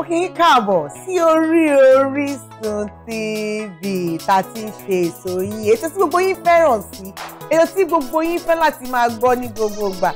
ó kì í káàbọ̀ sí orí Orísun TV tá a ti ń ṣe èso yín ètò tí gbogbo yín fẹ́ràn sí ètò tí gbogbo yín fẹ́ láti máa gbọ́ ní gbogbo ìgbà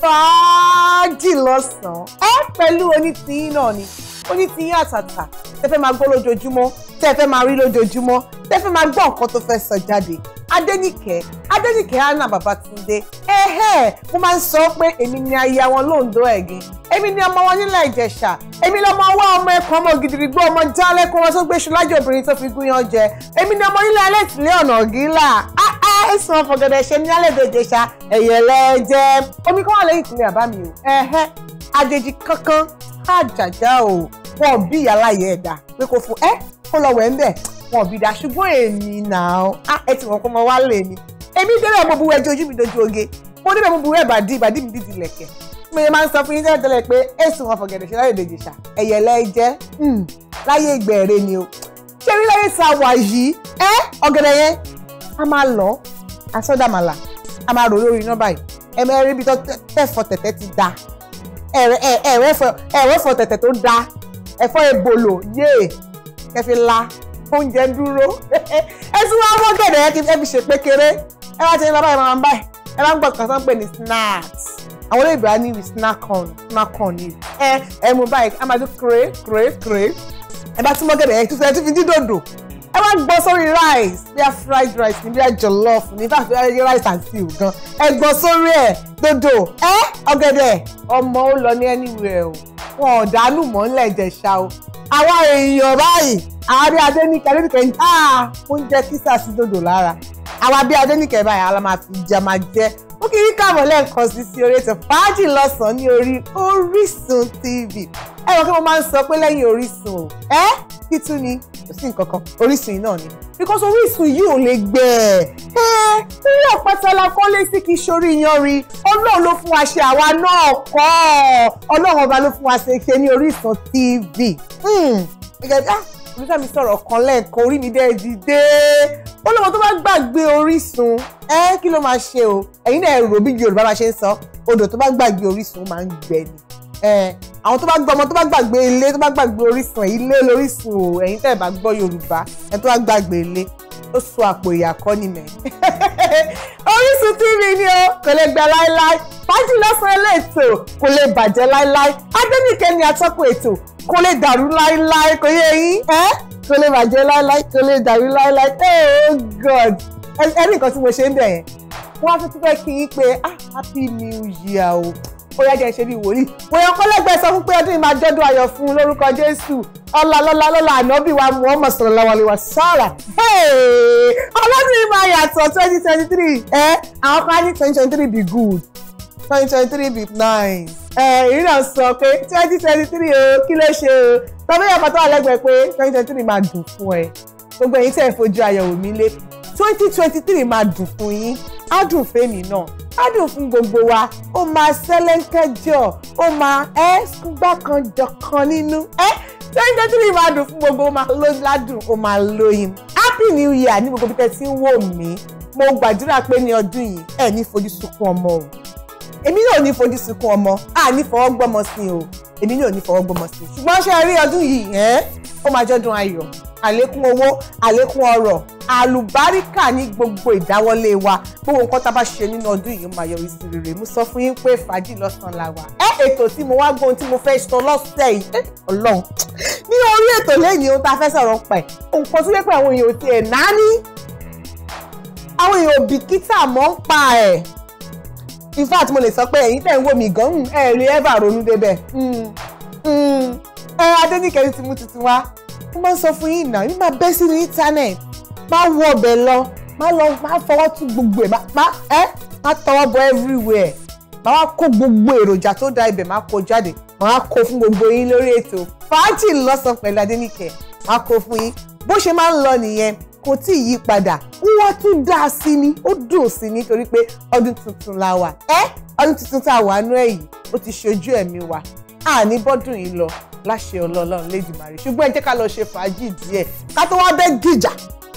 fàájì lọ́sàn-án ẹ pẹ̀lú onítìyín náà ni ó ní ti yín àtàtà tẹ́ fẹ́ máa gbọ́ lójoojúmọ́ tẹ́ fẹ́ máa rí lójoojúmọ́ tẹ́ fẹ́ máa gbọ́ nǹkan tó fẹ́ sọ jáde Adénìkẹ́ Adénìkẹ́ Anna Babatunde ẹ̀hẹ́ mo máa ń sọ pé èmi ni aya wọn lóńdó ẹ̀gìn èmi ni ọmọ wọn nílẹ̀ Ìjẹ̀ṣà èmi lọmọ wá ọmọ ẹ̀kọ́ ọmọ gidigbó ọmọ jálẹ̀kọ́ wọn tó gbé ṣùlájì obìnrin tó fi gúnyán jẹ èmi ni ọmọ nílẹ̀ alẹ́ ìtìlẹ́ ọ̀nà ọ̀gíńlà ah ẹ̀sùn ọ̀fọ̀gẹ̀dẹ̀ ṣe ní alẹ́ dèjè ṣá ẹ̀yẹ̀ lẹ́jẹ̀. omi kan wà lẹ́yìn ìpínlẹ̀ àbá mi o. ẹ̀hẹ́ àjèjì kankan àjàjà o wọn bí ìyá láyé ẹ̀dá pé kò fún ẹ́ kó lọ wẹ̀ ń bẹ̀ wọn bí dá ṣùgbọ́n èmi náà ẹ ti wọ́n kó mọ wá lè mi. èmi débẹ̀ mo buwọ́ ẹjọ́ mi dojú oge mo débẹ̀ mo buwọ́ ìbàdí ìbàdí mi dídì lẹ̀kẹ̀. mo yẹ máa ń sọ fún yín tẹ́lẹ̀ tẹ́lẹ̀ pé ẹ̀sùn ọ̀fọ̀gẹ̀dẹ̀ ṣe láyé dèjì ṣá ẹ̀yẹ̀ lẹ́jẹ̀ hmm. láyé ìgbẹ̀rẹ̀ ni o. ṣé rí láyé sa wà yìí ọ̀gẹ̀dẹ̀ yẹn a máa lọ asọ́dàmàlà a máa rò lórí iná báyìí ẹ̀mọ ẹ̀rí ibi tó tẹ̀fọ́ tẹ̀tẹ̀ ti da ẹ̀rẹ́fọ́ tẹ̀tẹ̀ tó da ẹ̀fọ́ ebolo yéè kẹfì la oúnjẹ ń dúró ẹ tún wá mọ́ gẹ̀dẹ̀ ẹ kí ẹ fi ṣe pékeré ẹ bá ti ń lọ báyìí máa ń báyìí ẹ bá ń gbọ́ kàtà ń pè ní snacks àwọn olóyìnbó á ní with snack on snack on ni ẹ ẹ mú báyìí a máa tún kéré kéré kéré ẹ bá tún mọ́ gẹ̀dẹ̀ ẹ tún fi dídòdò ẹ wá gbọ́ sórí rice bí a fried rice ní bí a jollof ní bá a fi rice and stew gan ẹ gbọ́ sórí ẹ̀ dodo ẹ ọ̀gẹ̀dẹ̀ ọmọ ó lọ ní anywhere o wọn ò dánú mọ́ ńlẹ̀ Ìjẹ̀ṣà o àwa èèyàn báyìí àárẹ̀ Adéníkẹ́ Adéníkẹ́ ń dá oúnjẹ kísà sí dodo lára àwa bí Adéníkẹ́ báyìí àwa máa fi jẹ máa jẹ ó kì í kàmọ́ lẹ́ẹ̀kan sí sí orí ètò fàájì lọ́sàn-án ní orí Orísun TV ẹ wọ́n kí wọ́n máa ń sọ pé lẹ́yìn Orísun o ẹ́ títún ni kò sí nǹkan kan orísun yìí ni because orísun yìí ò lè gbẹ ẹ ẹ ilé ọ̀pẹ̀tẹ̀lá kọ́lé sí kì í ṣorí yanrin ọlọ́run ló fún wa ṣe àwa náà kọ́ ọlọ́run ọba ló fún wa ṣe ṣe ní orísun tv hmm. ah, olùsọ mi sọ̀rọ̀ kan lẹ́ẹ̀kan orí mi dẹ́ dìde olówó tó bá gbàgbé orísun ẹ kí ló máa ṣe o ẹ̀yin náà rò bí yorùbá máa ṣe ń sọ odò tó bá gbàgbé orísun máa ń gbẹ ni àwọn tó bá gbọ́ ọmọ tó bá gbàgbé ilé tó bá gbàgbé orísun ilé lórísun o ẹ̀yin tẹ́ ẹ̀ bá gbọ́ yorùbá ẹ̀ tó bá gbàgbé ilé ó so àpò ìyàkọ́ ni mẹ́. Orísun TV ni o kò lè gbà láéláé fájì lọ́sàn-án eléètò kò lè bàjẹ́ láéláé Adénìkẹ́ ni atọ́kùn ètò kò lè dàrú láéláé kò yé yín ẹ́ kò lè bàjẹ́ láéláé kò lè dàrú láéláé oh god ẹnì kan tí mo ṣe ń bẹ̀ yẹn wọ́n á tún fẹ́ kí n pé ah happy new year o bóyá jẹ́ ṣe bí wòlíì bóyá kọ́lẹ́gbẹ́ sọ fún pé ọdún yìí máa jọ́dún ayọ̀ fún lórúkọ Jésù ọlá lọ́lá lọ́lá ànábì wa Muhammad sallallahu alaihi wasallam ọlọ́dún yìí máa yàtọ̀ twenty twenty three ẹ àwọn kan ní twenty twenty three be good twenty twenty three be nice èyí náà sọ pé twenty twenty three o kí ló ṣe o tọ́bí ẹ̀kọ́ tó wà lẹ́gbẹ̀ẹ́ pé twenty twenty three máa dùn fún ẹ gbogbo ẹ̀yin tẹ́ fojú ayọ̀ wò mí lé twenty twenty three máa dùn fún yín á dùn fèmí náà á dùn fún gbogbo wa ó máa sẹ́lẹ́ńkẹ́ jọ ó máa ẹ́ gbàkanjọ̀kan nínú ẹ́ twenty three máa dùn fún gbogbo ó máa lóyún ládùn ó máa lóyún happy new year ní gbogbo bí tẹ́ ti ń wò mí mo gbàdúrà pé ní ọdún yìí ẹ ní fojú sunkún ọmọ o èmi náà ní fojú sunkún ọmọ a ní fọwọ́ gbọ́mọ sí o èmi náà ní fọwọ́ gbọ́mọ sí ṣùgbọ́n ṣe rí ọdún yìí ẹ́ ó máa jọ́dún ayọ̀ àlékún owó àlékún ọrọ̀ àlùbáríkà ní gbogbo ìdáwọ́lé wa gbogbo nǹkan tá a bá ṣe nínú ọdún yìí máa yọrí sí rere mo sọ fún yín pé fàájì lọ́sàn-án la wà. ẹ ètò tí mo wá gbóhun tí mo fẹ́ sọ lọ́sẹ̀ yìí ọlọ́run ní orí ètò lẹ́yìn ohun tá a fẹ́ sọ̀rọ̀ pẹ̀ nǹkan tó yẹ pé àwọn èèyàn ò tiẹ̀ náání àwọn èèyàn bìkítà mọ́ ń pa ẹ̀ in fact mo lè sọ pé ẹ̀yin tẹ̀ ń wò mí gan hmm, ẹ̀ rí ever ronú débẹ̀ ẹ̀ adẹ́nìkẹ́ mo máa ń sọ fún yín náà yín máa bẹ́ sínú íńtánẹ̀tì má wọ ọbẹ̀ lọ má lọ má fọwọ́ tún gbogbo ẹ̀ má ẹ́ má tọwọ́ bọ everywhere má wá kó gbogbo èròjà tó da ibẹ̀ má kó jáde má kó fún gbogbo yín lórí ètò fàájì lọ́sàn pẹ̀lú Adéníkẹ́ má kó fún yín bó ṣe máa ń lọ nìyẹn kò tí ì yí padà wọ́n tún dá a sí ni ó dùn sí ni torí pé ọdún tuntun la wà ẹ́ ọdún tuntun tá a wà nú ẹ̀ yìí ó ti ṣojú ẹ̀mí wa àní bọ́dún yìí lọ láṣẹ ọlọ́ọ̀lọ́ọ̀ lady mary ṣùgbọ́n ẹ jẹ́ ká lọ ṣe fàájì díẹ̀ ká tó wá bẹ́ẹ̀ gìjà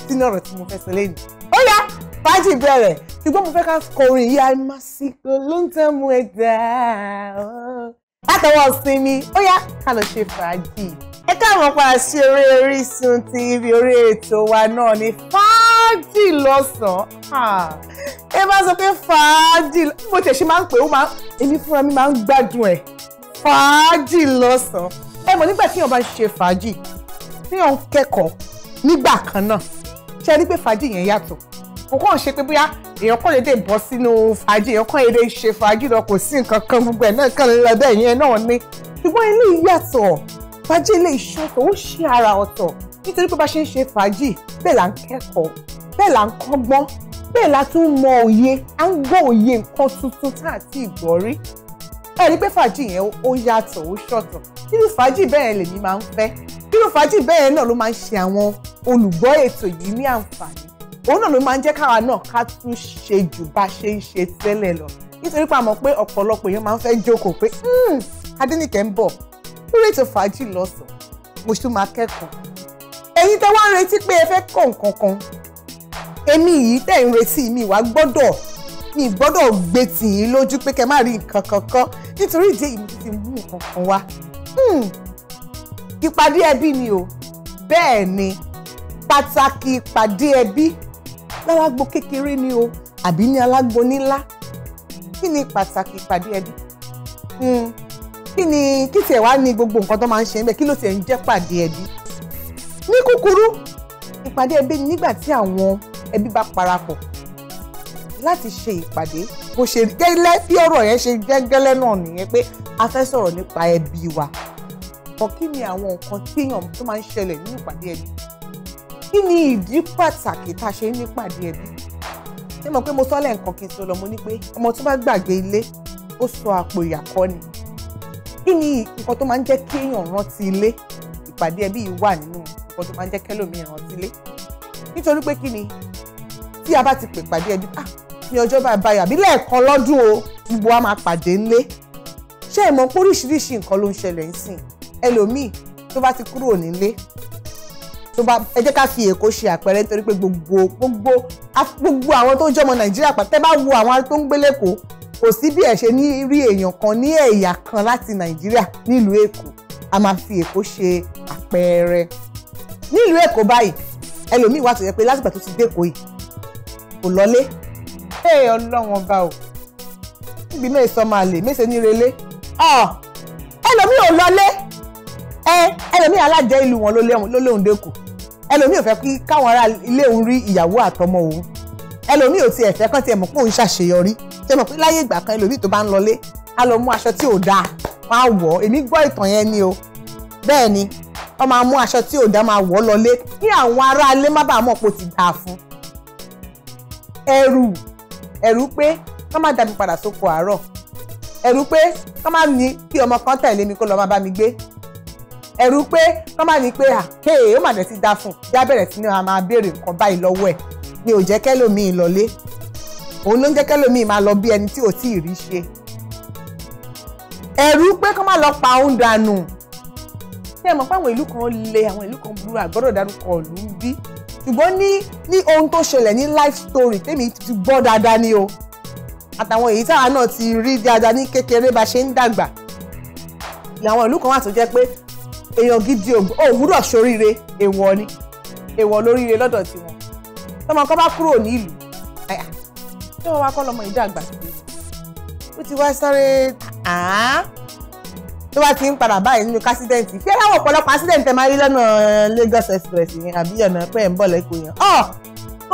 sínú ọ̀rọ̀ tí mo fẹ́ sọ lẹ́yìn. ó yá fàájì bẹ̀rẹ̀ ṣùgbọ́n mo fẹ́ ká kọrin yìí àìmásíkò ló ń tẹ́ mú ẹ dá látọwọ́ sinmi ó yá ká lọ ṣe fàájì. ẹ káàmọ́ padà sí orí Orísun TV orí ètò wa náà ní fàájì lọ́sàn-án ẹ bá sọ pé fàájì mo tẹ̀ máa ń pè ó máa èmi fúnra mi máa ń gbádùn ẹ̀ fàájì lọ́sàn-án ẹ mọ̀ nígbà tí èèyàn bá ń ṣe fàájì tí èèyàn ń kẹ́kọ̀ọ́ nígbà kan náà ṣe rí pé fàájì yẹn yàtọ̀ kò kàn ṣe pé bóyá èèyàn kàn lè dé bọ́ sínú fàájì èèyàn kàn eré ṣe fàájì lọ kò sí nǹkan kan gbogbo ẹ̀ náà kàn lọ bẹ́ẹ̀ yẹn náà ni ṣùgbọ́n ilé yàtọ̀ fàájì ilé ìṣàtọ̀ ó ṣe ara ọ̀tọ̀ nítorí pé bá ṣe ń ṣe fàájì bẹ́ẹ̀ là ń kẹ́kọ̀ọ́ bẹ́ẹ̀ là ń kọ́gbọ́n bẹ́ẹ̀ la tún mọ òye à ń gbọ́ òye nǹkan tuntun tá àti ìgbọ́ ẹ rí pé fàájì yẹn ó yàtọ̀ ó ṣọ̀tọ̀ irú fàájì bẹ́ẹ̀ lèmi máa ń fẹ́ irú fàájì bẹ́ẹ̀ náà ló máa ń ṣe àwọn olùgbọ́ ètò yìí ní àǹfààní òun náà ló máa ń jẹ́ káwa náà ká tún ṣe jù bá ṣe ń ṣe tẹ́lẹ̀ lọ nítorí pé a mọ̀ pé ọ̀pọ̀lọpọ̀ èèyàn máa ń fẹ́ jókòó pé hmm, Adéníkẹ́ ń bọ̀ lórí ètò fàájì lọ́sàn-án mo tún máa kẹ́kọ̀ọ́ ẹ̀yin tẹ́ wá ń retí pé ẹ fẹ́ kọ̀ nǹkan kan èmi yìí tẹ́ ń retí mi gbọ́dọ̀ gbé tì í lójú pé kẹ́ má rí nǹkan kankan nítorí ìdí èyí mo ti mú nǹkan kan wá. Hmm. ìpàdé ẹbí ni o bẹ́ẹ̀ ni pàtàkì ìpàdé ẹbí lálágbo kékeré ni o àbí ní alágbo nílá kí ni pàtàkì ìpàdé ẹbí hmm. kí ni kí tiẹ̀ wá ní gbogbo nǹkan tó máa ń ṣe níbẹ̀ kí ló tiẹ̀ ń jẹ́ pàdé ẹbí ní kúkúrú ìpàdé ẹbí nígbà tí àwọn ẹbí bá parapọ̀ láti ṣe ìpàdé bó ṣe gẹ́lẹ́ bí ọ̀rọ̀ yẹn ṣe jẹ́ gẹ́lẹ́ náà nìyẹn pé a fẹ́ sọ̀rọ̀ nípa ẹbí wa kọ́ kí ni àwọn nǹkan téèyàn tó máa ń ṣẹlẹ̀ nínú ìpàdé ẹbí kí ni ìdí pàtàkì tá a ṣe ní ìpàdé ẹbí ṣé mo pé mo sọ́lẹ̀ nǹkan kí n sọ lọ mo ní pé ọmọ tó bá gbàgbé ilé ó sọ àpò ìyàkọ́ ni kí ni nǹkan tó máa ń jẹ́ kéèyàn rántí ilé ìpàdé ẹbí yìí wà nínú nǹkan tó máa ń jẹ́ kẹ́lòmíì rántí ilé nítorí pé kí ni tí a bá ti pè pàdé ẹbí ah ní ọjọ́ báyìí báyìí àbí lẹ́ẹ̀kan lọ́dún o gbogbo wa máa pàdé ńlé ṣé ẹ mọ̀ pé oríṣiríṣi nǹkan ló ń ṣẹlẹ̀ ń sìn ẹlòmíì tó bá ti kúrò nílé tó bá ẹ jẹ́ ká fi èkó ṣe àpẹẹrẹ nítorí pé gbogbo gbogbo gbogbo àwọn tó jọmọ nàìjíríà pàtẹ́ bá wo àwọn tó ń gbé lẹ́kọ̀ọ́ kò sí bí ẹ̀ ṣe ní rí èèyàn kan ní ẹ̀yà kan láti nàìjíríà nílùú èkó a máa fi èkó ṣe àpẹẹrẹ nílùú èkó báyìí ẹlòmíì wà tó yẹ pé látìgbà tó ti dé èkó yìí kò lọlé ẹ ọlọ́wọ́n ọba o níbi mẹ́ẹ̀ sọ máa lè mẹ́sẹ̀ ní relé ẹlòmíì ò lọlé ẹlòmíì alájẹ ìlú wọn ló léhùn dẹ́kù ẹlòmíì ò fẹ́ kí káwọn ará ilé òun rí ìyàwó àtọmọ òun ẹlòmíì ò tiẹ̀ fẹ́ kán tiẹ̀ mọ̀ pé òun ṣàṣeyọrí ṣe mọ̀ pé láyé ìgbà kan ẹlòmíì tó bá ń lọlé á lọ mú aṣọ tí ò dáa wọn á wọ̀ èmi gbọ́ ìtàn yẹn ni o bẹ́ẹ̀ ni wọ́n máa mú aṣọ tí ò dáa máa wọ̀ lọlé kí àwọn ará ilé má bàa mọ̀ pé ó ti dáa fún ẹrù ẹ̀rù pé ká má dàbí padà sóko àárọ̀ ẹ̀rù pé ká má ní kí ọmọ kan tẹ̀lé mi kó lọ́ọ́ má bá mi gbé ẹ̀rù pé ká má ní pé à ó mà dẹ̀ dá fún já bẹ̀rẹ̀ sí ni a máa béèrè nǹkan báyìí lọ́wọ́ ẹ̀ ni ò jẹ́ kẹ́lòmíì lọlé òun ló ń jẹ́ kẹ́lòmíì máa lọ bí ẹni tí ò tí rí ṣe ẹ̀rù pé ká má lọ pa òun dànù ṣé ẹ mọ̀ pé àwọn ìlú kan le àwọn ìlú kan burú àgbọ̀dọ̀ dárúkọ ìlú ń bí ṣùgbọ́n ní ní ohun tó ṣẹlẹ̀ ní life story tèmi ti gbọ́ dáadáa ni o àtàwọn èyí táwa náà ti rí dáadáa ní kékeré bá ṣe ń dàgbà àwọn ìlú kan wà tó jẹ́ pé èèyàn gidi òwúrọ̀ ṣoríire èèwọ̀ ni èèwọ̀ lóríire lọ́dọ̀ tiwọn tọmọ kan bá kúrò nílùú àyà tí wọn wá kọ́ lọmọ ìdàgbà ó ti wá sáré àá tó bá ti ń padà báyìí nínú kásídẹ̀ǹtì ṣé láwọn ọ̀pọ̀lọpọ̀ accident ẹ máa rí lọ́nà eh, Lagos Express yẹn àbí ọ̀nà pẹ́ ń bọ̀ lẹ́kọ̀ọ́ yẹn ọ̀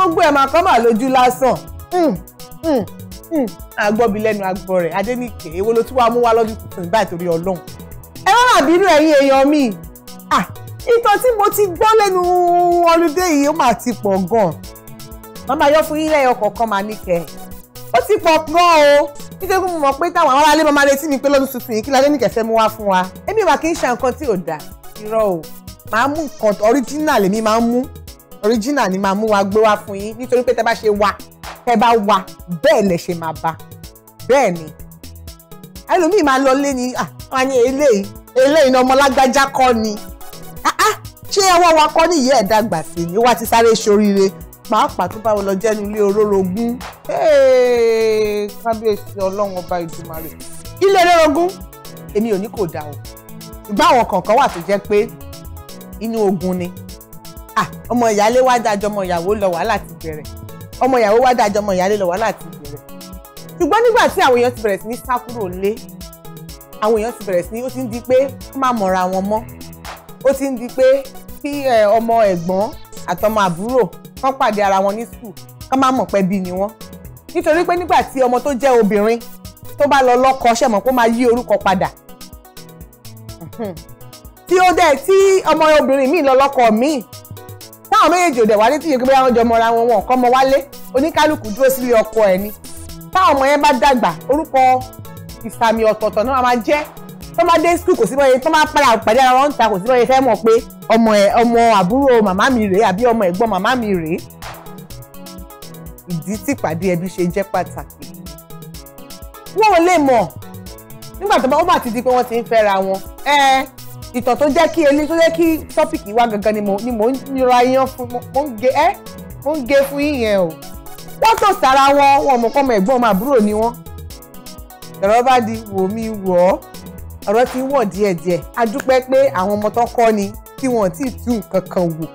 gbogbo ẹ̀ máa kọ́ mà lójú lásán hmm, hmm, hmm. agbọ́bi lẹ́nu agbọ́ rẹ̀ Adéníkè èwo ló tún wá mú wá lọ́dún tuntun ìgbà ìtòrí Ọlọ́run ẹ wá wà bínú ẹ̀yin èèyàn mi ah, ìtàn tí mo ti gbọ́ lẹ́nu ọlùdé yìí ó mà ti pọ̀ gan-an màmá yọ fún yín lẹ́yọ kọ̀ọ̀kan màá níkẹ́ ó ti pọ̀ gan o nítorí mo mọ̀ pé táwọn àwọn alẹ́ máa retí mi pé lọ́dún tuntun yìí kí ládé nìkẹ́sẹ́ mú wá fún wa èmi wà kí n ṣe nǹkan tí ò dáa irọ́ o màá mú nǹkan original lèmi máa mú original ni màá mú wa gbé wá fún yín nítorí pé tẹ bá ṣe wa tẹ bá wa bẹ́ẹ̀ lẹ ṣe máa bá bẹ́ẹ̀ ni ẹlòmíì máa lọ lé ni àwọn àyè eléyìí eléyìí ni ọmọ lágbájá kọ́ ni ṣé ọwọ́ wa kọ́ nìyí ẹ̀ dàgbà sí ni wá ti sáré ṣoríire pàápàá tó bá wọ lọ jẹ́nu ilé orórogún kábíyèsí ọlọ́run ọba ìdùmarè ilé orórogún èmi ò ní kò dá o ṣùgbọ́n kọ̀ọ̀kan wà tó jẹ́ pé inú ogun ni ọmọ ìyálé wá dájọ́ ọmọ ìyàwó lọ wàhálà ti bẹ̀rẹ̀ ọmọ ìyàwó wá dájọ́ ọmọ ìyálé lọ wàhálà ti bẹ̀rẹ̀ ṣùgbọ́n nígbà tí àwọn èèyàn ti bẹ̀rẹ̀ sí ní sá kúrò lé àwọn èèyàn ti bẹ̀rẹ̀ sí ní ó ti ń di pé ó máa mọ̀ra wọn mọ́ ó ti ń di pé kí ọmọ ẹ̀gbọ́n àtọmọ àbúrò kán pàdé ara wọn ní skul kán má mọ̀ pé bí ni wọ́n nítorí pé nígbà tí ọmọ tó jẹ́ obìnrin tó bá lọ lọ́kọ ṣẹ̀mọ̀ kó máa yí orúkọ padà tí ó dẹ̀ tí ọmọ obìnrin míì lọ lọ́kọ míì táwọn méjèèjì ò dẹ̀ wálé tí yẹ kí bóyá wọn jọ mọra wọn wọn kọ́ mọ wálé oníkálukú dúró sílé ọkọ ẹ̀ ni táwọn ọmọ yẹn bá dàgbà orúkọ ìsàmì ọ̀tọ̀ọ̀tọ̀ náà máa jẹ́ tó bá dé skul kò sí bọ́yẹ tó bá padà pàdé ara wọn ń ta kò sí bọ́yẹ fẹ́ mọ̀ pé ọmọ ẹ̀ ọmọ àbúrò màmá mi rèé àbí ọmọ ẹ̀gbọ́n màmá mi rèé ìdí tí ìpàdé ẹbí ṣe jẹ́ pàtàkì wọn ò lè mọ̀ nígbà tó bá ó mà ti di pé wọ́n ti ń fẹ́ra wọn ìtàn tó jẹ́ kí elé tó jẹ́ kí tọ́pìkì wá gangan ni mo ni mo ń ra iyán fún mo ń gé ẹ́ mo ń gé fún yíyẹn o wọ́n tò sára wọn wọn mọ̀ ẹ̀gbọ́n ọmọ àbúrò ni wọ́n lọ́rọ́ bá di wò mí wọ̀ ọ́ ọ̀rọ̀ ti wọ̀ díẹ̀díẹ̀ a dúpẹ́ pé àwọn ọmọ tó kọ́ ni tí wọ́n ti tú nǹkan kan wò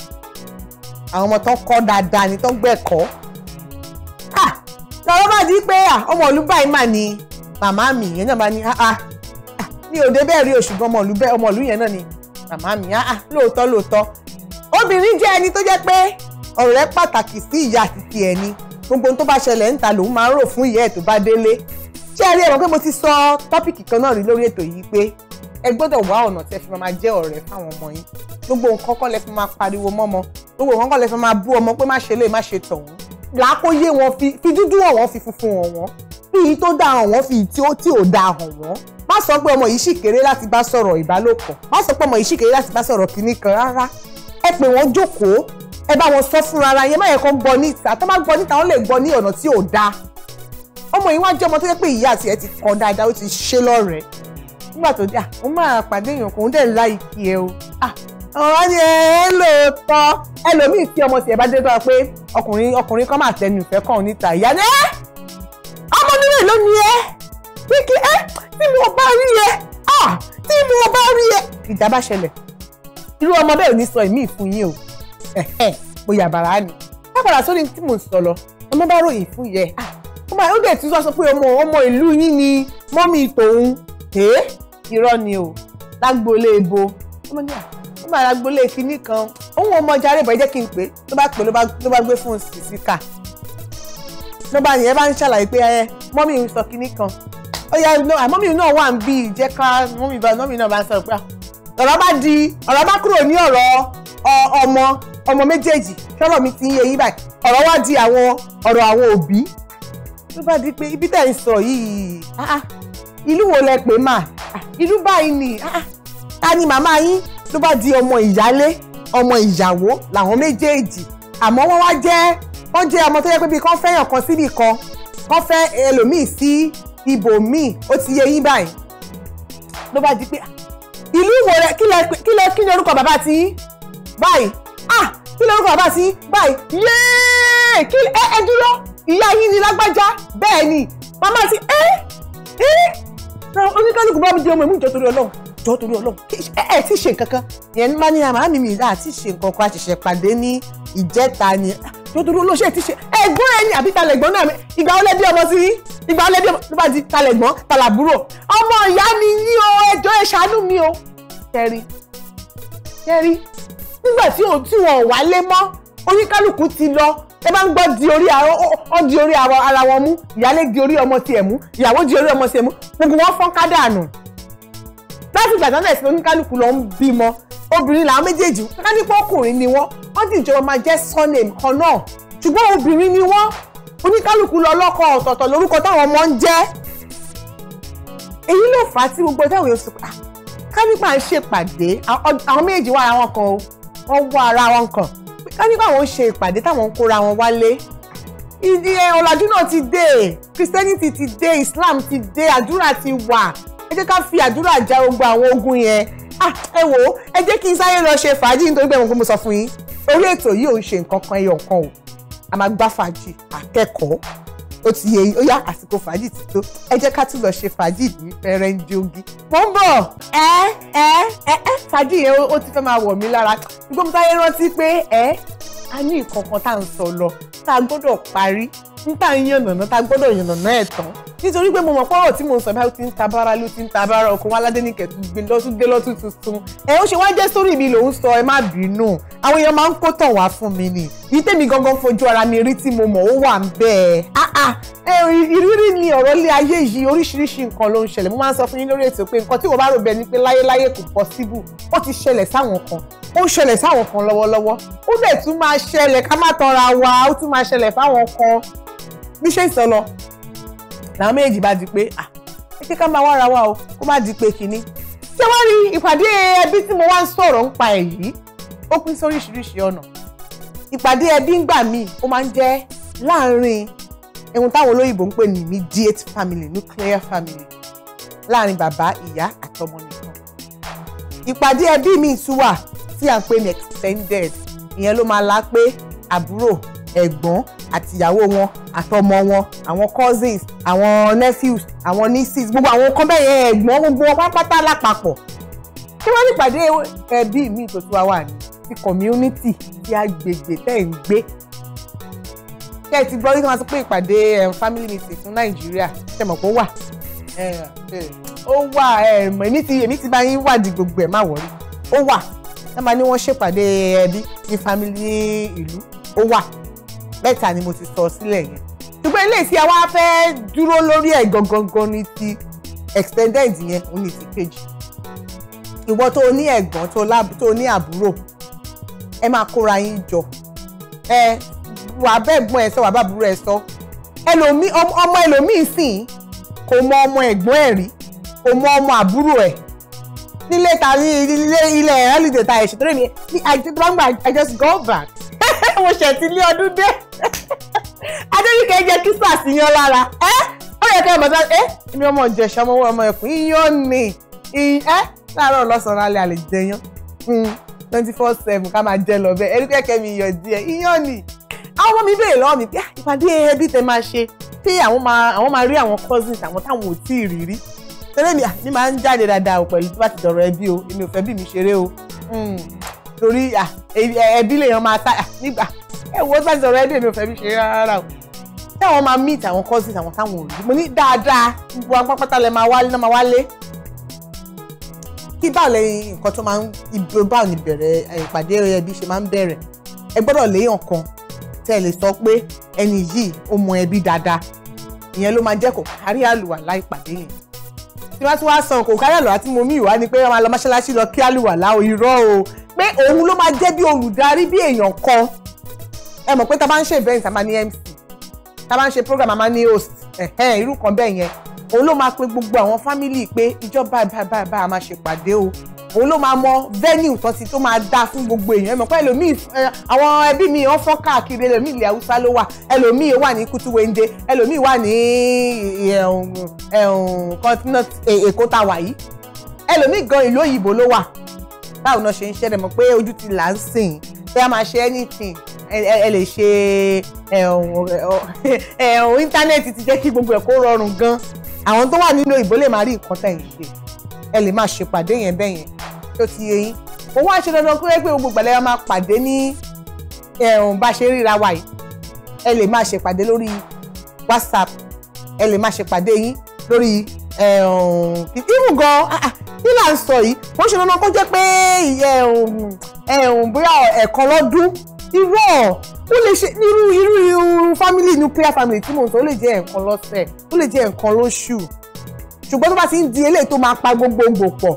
àwọn ọmọ tó kọ́ dáadáa ni tó gbẹ̀kọ́ lọ́rọ́ bá di pé ọmọ ìlú báyìí mà ní màmá mi yẹn náà bá ní ah, ah, ah, mi ò dé bẹ́ẹ̀ rí oṣù gan ọmọ ìlú yẹn náà ni màmá mi lóòótọ́ lóòótọ́ obìnrin jẹ́ ẹni tó jẹ́ pé ọ̀rẹ́ pàtàkì sí ìyá àti tiẹ̀ ni gbogbo ohun tó bá ṣẹlẹ̀ ń ta lòun máa ń rò fún ìyá ẹ̀ tó bá délé ṣé ẹ rí ẹ̀rọ pé mo ti sọ tọ́pìkì kan náà rí lórí ètò yìí pé ẹ gbọ́dọ̀ wá ọ̀nà tẹ́ fi máa jẹ́ ọ̀rẹ́ fáwọn ọmọ yín gbogbo nǹkan kọ́ lẹ fi máa pariwo mọ́mọ gbogbo nǹkan kọ́ lẹ fi máa bú ọmọ pé má ṣe lè má ṣe tọ̀hún làákóyè wọn fi fi dúdú hàn wọ́n fi funfun hàn wọ́n fi èyí tó dáa hàn wọ́n fi èyí tí ò dáa hàn wọ́n má sọ pé ọmọ yìí sì kéré láti bá sọ̀rọ̀ ìbálòpọ̀ má sọ pé ọmọ yìí sì kéré láti bá sọ̀rọ̀ kìíní kan rárá ẹ pè wọ́n jókòó ẹ bá wọn sọ fúnra ara yẹn má yẹ kó gbọ́ níta tó má gbọ́ níta wọ́n lè gbọ́ ní ọ̀nà tí ò dáa ọmọ yìí wá jẹ́ ọmọ tó jẹ́ pé ìyá àti ẹ̀ ti kàn dáadáa ó ti ṣe lọ́rẹ̀ẹ́ nígbà tó dé àwọn máa pàdé èèyàn kò ń dẹ̀ láìkí ẹ o ọ̀rọ̀ ni ẹ lóòótọ́ ẹlòmíì tí ọmọ tiẹ̀ bá dé dọ́ra pé ọkùnrin ọkùnrin kan máa tẹnu ìfẹ́ kàn níta ìyá ni ẹ ọmọ nílé ló ni ẹ pé kí ẹ tí mo bá rí ẹ tí mo bá rí ẹ ìjà bá ṣẹlẹ̀ irú ọmọ bẹ́ẹ̀ ò ní sọ ìmíì fún yín o bóyá bàrà ni ẹ padà sórí tí mò sọ lọ ọmọ bá ròyìn fún yẹ nígbà ó dẹ̀ tún sọ pé ọmọ ọmọ ìlú yín ni mọ́mì tòun ẹ̀ irọ́ ni o lágbólé ibo ó máa lágbólé kínní kan òun ọmọ ọjà rẹ̀ bọ̀ ẹ jẹ́ kí n pè é ló bá pè é ló bá gbé fún sísíkà ló bá yẹn bá ń ṣàlàyé pé ẹ mọ́mì sọ kínní kan ó yẹ mọ́mì náà wà ń bí ìjẹ́ ká mọ́mì náà bá ń sọ pé ọ̀rọ̀ bá di ọ̀rọ̀ bá kúrò ní ọ̀rọ̀ ọmọ ọmọ méjèèjì ṣọ́rọ̀ mi ti ń yẹ yí báyìí ọ̀rọ̀ wá di àwọn ọ̀rọ̀ àwọn òbí ló bá di pé ibi tẹ̀ ń sọ yìí ah, ah. ìlú wo lẹ pè mà ah. ìlú báyìí ni ta ni màmá yín ló bá di ọmọ ìyálé ọmọ ìyàwó làwọn méjèèjì àmọ́ wọ́n wá jẹ́ wọ́n jẹ́ ọmọ tó yẹ pé bí kán fẹ́yàn kan síbì kan kán fẹ́ ẹlòmíì sí ibòmíì ó ti yẹ yín báyìí ló bá di pé ìlú wo rẹ kí lẹ kí lẹ kí ni orúkọ bàbá ti báyìí ah kí ni orúkọ bàbá ti yín báyìí yéé kí ẹ ẹ dúró ìyá yín ni lágbájá bẹ́ẹ̀ ni màmá ti ẹ́ ẹ́ oníkálukú bá mi di ọmọ ìmú ìjọ torí ọlọ́run jọ torí ọlọ́run ẹ ti ṣe nǹkan kan yẹn má ní àmà mi mi láà ti ṣe nǹkan kan àṣẹṣẹ pàdé ní ìjẹta ni jọ torí ọlọ́run ṣe ti ṣe ẹ̀gbọ́n ẹni àbí talẹ̀gbọ́n náà mi ìgbà ọlẹ́bí ọmọ sí ìgbà ọlẹ́bí ọmọ tó bá di talẹ̀gbọ́n talàbúrò ọmọ ìyá mi yín o ẹjọ́ ẹ ṣàánú mi o tẹ́rí tẹ́rí nígbà tí òun tí wọn ò wálé mọ́ oníkálukú ti lọ ẹ bá ń gbọ́ di orí ọ di orí ara wọn mú ìyálé di orí ọmọ tiẹ̀ mú ìyàwó di orí ọmọ tiẹ̀ mú gbogbo wọn fọ́n kádà nù láti ìgbà náà ẹ̀sìn oníkálukú ló ń bímọ obìnrin làwọn méjèèjì kánípọ̀ ọkùnrin ni wọ́n wọ́n sì jọba máa jẹ́ surname kan náà ṣùgbọ́n obìnrin ni wọ́n oníkálukú lọ lọ́kọ ọ̀tọ̀ọ̀tọ̀ lórúkọ táwọn ọmọ ń jẹ́ èyí ló fà á tí gbogbo ẹjọ́ òye sùpà ah, kánípà ń ṣèpàdé àwọn méjèèjì wà ara wọn kan o wọ́n wọ ara wọn kan ká nípa àwọn ṣe ìpàdé táwọn ń kóra wọn wálé ìdí ọ̀làjú náà ti dé christianity ti dé islam ti dé àdúrà ti wà ẹ jẹ́ ká fi àdúrà já gbogbo àwọn ogun yẹn ah, ẹ wò ó ẹ jẹ́ kí n sáré lọ ṣe fàájì nítorí pé mo sọ fún yín orí ètò yìí ò ń ṣe nǹkan kan ẹyọ kan o a máa gbá fàájì akẹ́kọ̀ọ́ ó ti yẹ yín ó yá àsìkò fàájì ti tó ẹ jẹ́ ká tún lọ ṣe fàájì ní fẹ́rẹ́ ń jogi. mo ń bọ̀ ẹ ẹ ẹ ẹ fàájì yẹn ó ti fẹ́ máa wọ̀ mí lára gbogbo mi táyé rántí pé ẹ a ní ìkọ̀ọ̀kan tá à ń sọ lọ tá a gbọ́dọ̀ parí níta yànnàná ta gbọ́dọ̀ yànnàná ẹ̀ tán nítorí pé mo mọ̀ pọ́rọ̀ tí mo sọ báyìí ó ti ń ta bára ló ti ń ta bára ọkùnrin aládéníkẹ́ gbé lọ́tún gbé lọ́tún tuntun ẹ̀ ó ṣe wá jẹ́ sórí mi lòún sọ ẹ má bínú àwọn èèyàn máa ń kó tàn wá fún mi ni yìí tèmi gangan fojú ara mi rí tí mo mọ̀ ó wà ń bẹ́ẹ̀ ah, ah, ìrírí ni ọ̀rọ̀ lé ayé yìí oríṣiríṣi nǹkan ló ń ṣẹlẹ̀ mo máa ń sọ fún yín lórí ètò pé nǹkan tí wọ́n bá rò bẹ́ẹ̀ ni pé láyéláyé kò possible ó ti ṣẹlẹ̀ sáwọn kan ó ń ṣẹlẹ̀ sáwọn kan lọ́wọ́lọ́wọ́ ó dẹ̀ tún máa ṣẹlẹ̀ ká má tanra wa ó tún máa ṣẹlẹ̀ fáwọn kan níṣẹ́ ìsọlọ làwọn méjì bá di pé à ẹ jẹ́ ká máa wára wa o kó má di pé kinní. ṣé wọ́n rí ìpàdé ẹbí tí mo wá ń sọ̀rọ̀ ń pa ẹ̀ yìí ó pín sóríṣiríṣi ọ̀nà ìpàdé ẹbí ń gbà míì ó máa ń jẹ́ láàárín ohun táwọn olóyìnbó ń pè ní immediate family nuclear family láàárín bàbá ìyá àtọmọ nìkan ìpàdé ẹbí míì tún wà tí à ń pè ní extended ìyẹn ló máa la pé àbúrò ẹ̀gbọ́n àtìyàwó wọn àtọmọ wọn àwọn cousins àwọn nephews àwọn nieces gbogbo àwọn kan bẹ́ẹ̀ yẹn ẹ̀gbọ́n gbogbo wọn pátápátá lápapọ̀ kí wọ́n nípàdé ẹbí mi tó tún wá wà ní ti community ti agbègbè tẹ́ ń gbé tẹ́ ẹ ti gbọ́ yín wọ́n sọ pé ìpàdé family meeting fún nàìjíríà tẹ́ mọ̀ pé ó wà ó wà èmi ti èmi ti bá yín wádìí gbogbo ẹ̀ má wọ̀rí ó wà ẹ máa ní wọ́n ṣèpàdé ẹbí ní family ìlú ó wà mẹ́ta ni mo ti sọ sílẹ̀ yẹn ṣùgbọ́n eléyìí tí a wá fẹ́ dúró lórí ẹ̀ gangan ni ti extended yẹn òun ni ti kejì ìwọ tó ní ẹ̀gbọ́n tó ní àbúrò ẹ máa kóra yín jọ ẹ wà bẹ́ẹ̀gbọ́n ẹ sọ wà bàbúrò ẹ sọ ẹlòmíì ọmọ ẹlòmíì sìn kò mọ ọmọ ẹ̀gbọ́n ẹ̀ rí kò mọ ọmọ àbúrò ẹ̀ nílé tàbí ilé ilẹ̀ holiday ta ẹ̀ ṣètò rẹ̀ ni I just go back mo ṣẹ̀tì ní ọdún dé adéyíkẹ́ jẹ́ kí sars yan lára ẹ́ ó yẹ kí ọmọ sá ẹ́ mi ọmọ ìjẹ̀ṣà ọmọ owó ọmọ ẹ̀kún iyán ni ẹ́ láàárọ̀ lọ́sàn-án alẹ́ àlè jẹyán hmm, twenty four seven ká máa jẹ lọ bẹ́ẹ̀ ẹ̀rí kẹ́kẹ́ mi yọ díẹ̀ iyán ni àwọn ọmọ mi béèrè lọ́wọ́ mi pé ah, ìpàdé ẹbí tẹ máa ṣe pé àwọn máa rí àwọn cousins àwọn táwọn ò tí ì rí rí tẹ́lẹ̀ ah, mi máa ń jáde dáadáa pẹ̀lú tó bá ti dọ̀rọ̀ ẹbí o èmi ò fẹ́ bí mi ṣeré o hmm torí ẹbí lèèyàn máa sá nígbà ẹ wo sáà sọ̀rọ̀ ẹ̀dẹ̀ mi ò fẹ́ mi ṣe rárá o táwọn máa meet àwọn cousins àwọn táwọn ò rí mo ní dáadáa gbogbo apápátá lẹ máa wálé náà máa wálé kí báwo lẹ́yìn nǹkan tó máa ń báwo ni bẹ̀rẹ̀ ìpàdé ẹbí ṣe máa ń bẹ̀rẹ̀ ẹ gbọ́dọ̀ léèyàn kan tẹ́ ẹ lè sọ pé ẹni yìí ó mọ ẹbí dáadáa ìyẹn ló máa jẹ́ kó kárí àlùwà láì pàdé yẹn tí wọ́n ti wá san kò kárí àlùwà tí mo mí ìwá ni pé wọ́n máa lọ mọ́ṣáláṣí lọ kí àlùwà láò irọ́ o pé òun ló máa jẹ́ bí olùdarí bí èèyàn kan ẹ mọ̀ pé tá a bá ń ṣe event a máa ní MC tá a bá ń ṣe program a máa ní host ẹ̀hẹ́n irú kan bẹ́ẹ̀ yẹn òun ló máa pe gbogbo àwọn family pé ìjọba bàbá a máa ṣèpàdé o òun ló máa mọ venue tó ti tó máa dá fún gbogbo èèyàn ẹ mọ̀ pé ẹlòmíì àwọn ẹbí mi wọ́n fọ́n káàkiri ẹlòmíì ilẹ̀ haúsá ló wà ẹlòmíì wà ní kútúwéńdé ẹlòmíì wà ní ẹ̀hún continent èkó tá a wà yìí ẹlòmíì gan ìlú òyìnbó ló wà báwo náà ṣe ń ṣẹlẹ̀ mọ̀ pé ojú ti là ń sìn pé a máa ṣe anything ẹ lè ṣe ẹ̀hún íńtánẹ́ẹ̀tì ti jẹ́ kí gbogbo ẹ̀ kó rọrùn gan àwọn tó wà nínú ìbò lè máa rí nǹkan tẹ̀ yín ṣe ẹ lè máa ṣèpàdé yẹn bẹ́ẹ̀ yẹn tó ti yé yín kò wá ṣe dandan kúrẹ́ pé gbogbo ìgbàlẹ́ máa pàdé ní ẹ̀hún bá ṣe ríra wa yìí ẹ lè máa ṣèpàdé lórí whatsapp ẹ lè máa ṣèpàdé yín lórí ẹ̀hún ìhùn gan kí là ń sọ yìí wọ́n ṣe lọ́nà kó jẹ́ pé bóyá ẹ̀kan lọ́dún irọ́ ó lè ṣe irú irú irú family nuclear family tí mò ń sọ ó lè jẹ́ ẹ̀kan lọ́sẹ̀ ó lè jẹ́ ẹ̀kan lóṣù ṣùgbọ́n tó bá ti ń di eléyìí tó máa pa gbogbogbò pọ̀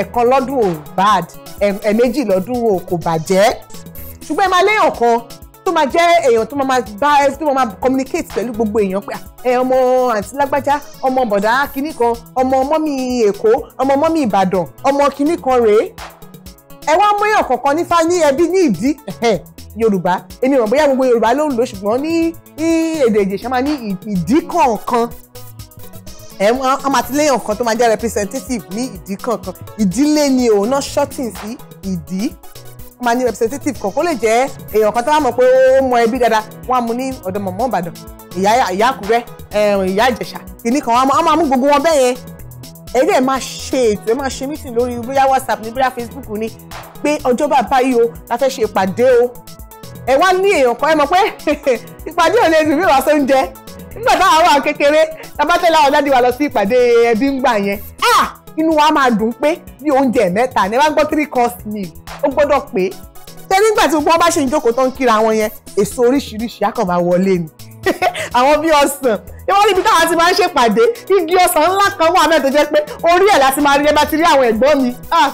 ẹ̀kan lọ́dún ò bad ẹ̀ẹ̀mejì lọ́dún ò kò bàjẹ́ ṣùgbọ́n ẹ máa léèyàn kan tó máa jẹ́ èèyàn tó máa bá ẹ tó máa communicate pẹ̀lú gbogbo èèyàn pé ẹ ọmọ àǹtí lágbájá ọmọ bọ̀dá kinní kan ọmọ mọ́mí èkó ọmọ mọ́mí ìbàdàn ọmọ kinní kan rèé ẹ wá mọ́yàn kọ̀ọ̀kan nífà ní ẹbí ní ìdí yorùbá èmi mọ̀ bóyá gbogbo yorùbá ló ń lò ṣùgbọ́n ní èdè ìjẹ̀ṣà máa ní ìdí kọ̀ọ̀kan ẹ wọn máa ti léyàn kan tó máa jẹ́ representative ní ìdí kọ̀ọ̀kan ìdílé ni òun náà shorting sí ìdí máa ní representative kan kó lè jẹ́ èèyàn kan tó wà mọ̀ pé ó mọ ẹbí dáadáa wọ́n á mú ní ọ̀dọ̀ mọ̀mọ́ ìbàdàn ìyá àkúrẹ́ ìyá ìjẹ̀ṣà kìíní kan wọ́n á máa mú gbogbo wọn bẹ́ẹ̀ yẹn èyí dẹ̀ máa ṣe ètò ẹ máa ṣe meeting lórí bóyá whatsapp ní bóyá facebook ní pé ọjọ́ báyìí o la fẹ́ ṣe ìpàdé o ẹ wá ní èèyàn kan ẹ mọ̀ pé ìpàdé ò lè dùn bí wàá sóúnjẹ nígbà táwọn àwọn kékeré tabatẹ́lá ọ̀dádìwà lọ sí ìpàdé ẹbí ń gbà yẹn ah inú wa máa dùn pé bí oúnjẹ mẹ́ta ní ẹ bá gbọ́ three course meal ó gbọ́dọ̀ pé ṣé nígbà tí wọ́n bá ṣe ìjókòó tó ń kíra wọn yẹn èso oríṣiríṣi á kàn máa wọlé ni àwọn bí ọsàn ṣé wọ́n níbi táwọn ti máa ń ṣèpàdé igi ọsàn ńlá kan wà mẹ́ẹ̀ tó jẹ́ pé orí ẹ̀ láti máa rí ẹ bá ti rí àwọn ẹ̀gbọ́n mi ah,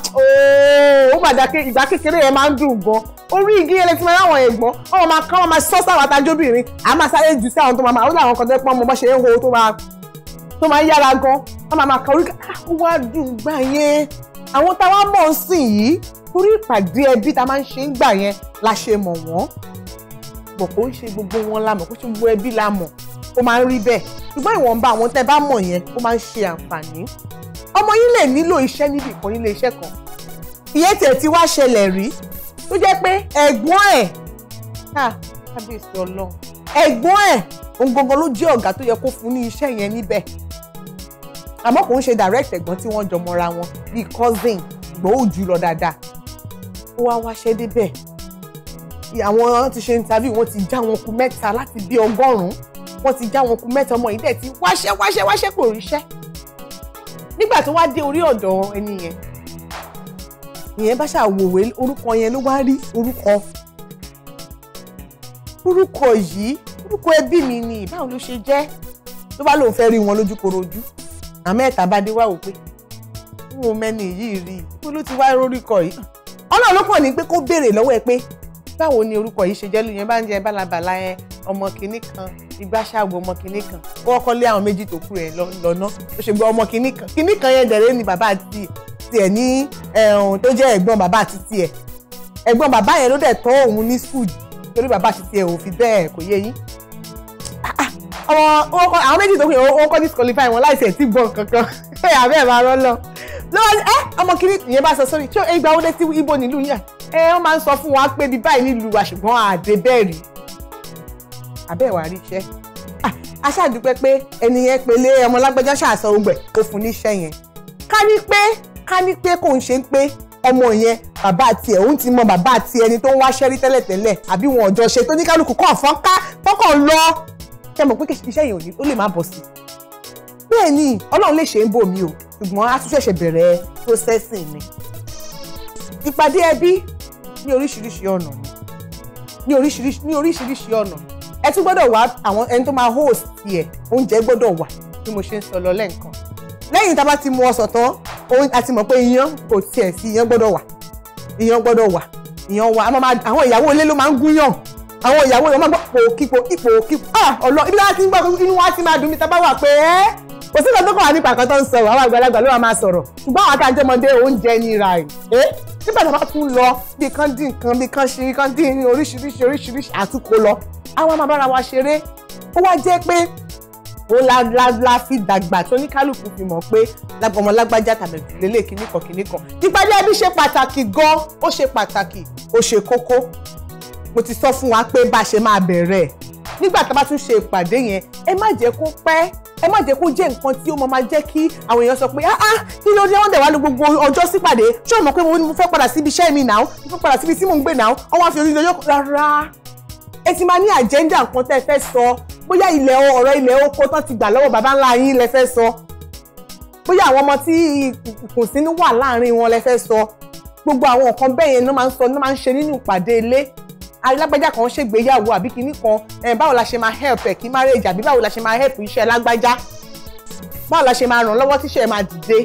ó mà ìgbà kékeré yẹn máa ń dùn gan orí igi yẹn lè ti máa rí àwọn ẹ̀gbọ́n wọ́n máa kán wọ́n máa sọ́sà wàtájóbìnrin àá jù sí àwọn tó máa máa ó láwọn kan tó pọ́n mo bá ṣe ń wo tó máa tó máa ń yára gan a máa máa ka orí ó ah, wá dùn gbà yẹn àwọn táwa mọ̀ ń sìn yìí torí ìpàdé ẹbí tá a máa ń ṣe ń gbà yẹn la ṣe mọ̀ wọ́n bọ̀ kó ń ṣe gbogbo wọn la mọ̀ kó ṣe gbogbo ẹbí la mọ̀ ó máa ń rí bẹ́ẹ̀ ṣùgbọ́n ìwọ̀nba àwọn tẹ́ bá mọ̀ yẹn ó máa ń ṣe àǹfààní ọmọ yín lè nílò iṣẹ́ níbì kan nílé iṣẹ́ kan ìyẹn tẹ̀ ti wá ṣẹlẹ̀ rí tó jẹ́ pé ẹ̀gbọ́n ẹ̀ kábíyèsí ọlọ́run ẹ̀gbọ́n ẹ̀ òun gangan ló jẹ́ ọ̀gá tó yẹ kó fún ní iṣẹ́ yẹn níbẹ̀ àmọ́ kò ń ṣe direct ẹ̀gbọ́n tí wọ́n jọ mọ́ra wọn bíi cousin gbòó jù lọ dáadáa ó wá wáṣẹ́ débẹ̀ àwọn ti ṣe interview wọ́n ti já wọn ku mẹ́ta láti bí ọgọ́rùn-ún wọ́n ti já wọn ku mẹ́ta ọmọ yìí dẹ̀ ti wáṣẹ́ wáṣẹ́ wáṣẹ́ kò ríṣẹ́ nígbà tó wá dé orí ọ̀dọ̀ ẹni yẹn ìyẹn bá ṣàwòwé orúkọ yẹn ló wá rí orúkọ orúkọ yìí orúkọ ẹbí mi ni báwo ló ṣe jẹ́ ló bá lóun fẹ́ rí wọn lójúkorojú àmẹ́ta bá dé wá wò pé n ò mẹ́ni yìí rí i kó ló ti wá orúkọ yìí ọlọ́run ló pọ̀ ní pé kó béèrè lọ́wọ́ ẹ pé báwo ni orúkọ yìí ṣe jẹ́ lu yẹn bá ń jẹ bálabàla yẹn ọmọ kìíní kan igbá ṣáàgùn ọmọ kìíní kan kọ́kọ́ lé àwọn méjì tó kù rẹ̀ lọ́nà ó ṣe gbọ́ ọmọ kìíní kan kìíní kan yẹn dẹ̀rẹ́ ni bàbá àti tiẹ̀ ní tó jẹ́ ẹ̀gbọ́n bàbá àti tiẹ̀ ẹ̀gbọ́n bàbá yẹn ló dẹ̀ tọ́ òun ní skul torí bàbá ṣe tiẹ̀ ò fi bẹ́ẹ̀ kò yé yín àwọn méjì tó pè wọ́n kọ́ disqualify wọn láìsí ẹ̀ tí gbọ́n kankan àbẹ́ ẹ̀ máa rán lọ lọ́wọ́ ẹ ọmọ kiri yẹn bá sọ sórí ṣé ìgbà wọlé tí ibo nílùú yàn ẹ wọ́n máa ń sọ fún wa pé bí báyìí nílùú wa ṣùgbọ́n àdé bẹ́ẹ̀ rí àbẹ́ ẹ̀ wà rí iṣẹ́ aṣáàdúpẹ́ pé ẹni yẹn pele ọmọ lágbájá ṣàṣọ ogbẹ̀ kò fún níṣẹ́ yẹn ká ní pé ká ní pé kò ń ṣe ń pé ọmọ yẹn bàbá tiẹ̀ òun ti mọ bàbá tiẹ̀ ẹni tó ń wáṣẹ́ rí tẹ́lẹ̀tẹ́lẹ̀ àbí wọn ọ̀jọ́ ṣe tó ní kálukú kàn fọ́n ká kọ́kàn lọ ṣe mọ̀ pé iṣẹ́ yẹn ò ní ó lè má bọ̀ sí. bẹ́ẹ̀ ni ọlọ́run lè ṣe ń bò mí o ṣùgbọ́n a tún ṣẹ̀ṣẹ̀ bẹ̀rẹ̀ processing mi. ìpàdé ẹbí ní oríṣiríṣi ọ̀nà ní oríṣiríṣi ní oríṣiríṣi ọ̀nà ẹ tún gbọ́dọ̀ wá àwọn ẹni tó máa host tiẹ̀ oúnjẹ gbọ́dọ̀ wà bí mo ṣe ń sọ lọ lẹ́ǹkan lẹ́yìn tá a bá ti mu ọsàn tán a ti mọ̀ pé iyán kò tiẹ̀ sí iyán gbọ́dọ̀ wà ìyẹn gbọ́dọ̀ wà ìyẹn wà àwọn ìyàwó ilé ló máa ń gúnyàn àwọn ìyàwó ìyàwó máa ń gbọ́ pòkípo ah ọlọ ibi láti ń gbọ́ inú wa ti máa dùn mí tá a bá wà pé kò sí ìtọ́jú kan wà nípa àkọ́tọ́ ń sọ̀rọ̀ àwọn àgbàlagbà ló wà máa sọ̀rọ̀ ṣùgbọ́n àwọn àtàjẹ́ ọmọdé oúnjẹ ni ra ẹ̀ nígbà tó bá tún lọ bí kan dín nǹkan bí kan ṣe kan dín oríṣiríṣi oríṣiríṣi àtúkò lọ àwọn máa bára wa ṣeré ó wá jẹ́ pé ó láńláńlá fi dàgbà tó ní kálukú fi mọ̀ pé ọmọ lágbájá tàbí lélẹ̀ kìíní kan kìíní kan ìpàdé ẹbí ṣe pàtàkì gan ó ṣe pàtàkì ó ṣe kókó mo ti sọ fún wa pé bá a ṣe máa bẹ̀rẹ̀ nígbà tá a bá tún ṣe ìpàdé yẹn ẹ má jẹ́ kó pẹ́ ẹ má jẹ́ kó jẹ́ nǹkan tí ó máa jẹ́ kí àwọn èèyàn sọ pé ah ah kí ló dé wọ́n dẹ̀ wá lọ gbogbo ọjọ́ sípàdé ṣé o mọ̀ pé mo fẹ́ padà síbi iṣẹ́ mi náà mo fẹ́ padà síbi tí mò ń gbé náà ọwọ́ àfi orí ọjọ́ rárá ẹ ti máa ní àjẹ́ńdà nǹkan tẹ́ fẹ́ sọ bóyá ilẹ̀ ọ̀rọ̀ ilẹ̀ oko tán ti gbà lọ́wọ́ bàbá ńlá yín lẹ fẹ́ sọ bóyá àwọn ọmọ tí ìkùnsínú wà láàárín wọn lẹ fẹ́ sọ gbogbo àwọn nǹkan bẹ́ẹ̀ yẹn ló máa ń sọ ló máa ń ṣe nínú ìpàdé ilé alágbájá kan ṣègbéyàwó àbí kinní kan báwo la ṣe máa help ẹ̀ kí marriage àbí báwo la ṣe máa help iṣẹ́ lágbájá báwo la ṣe máa ràn lọ́wọ́ tíṣẹ́ máa dìde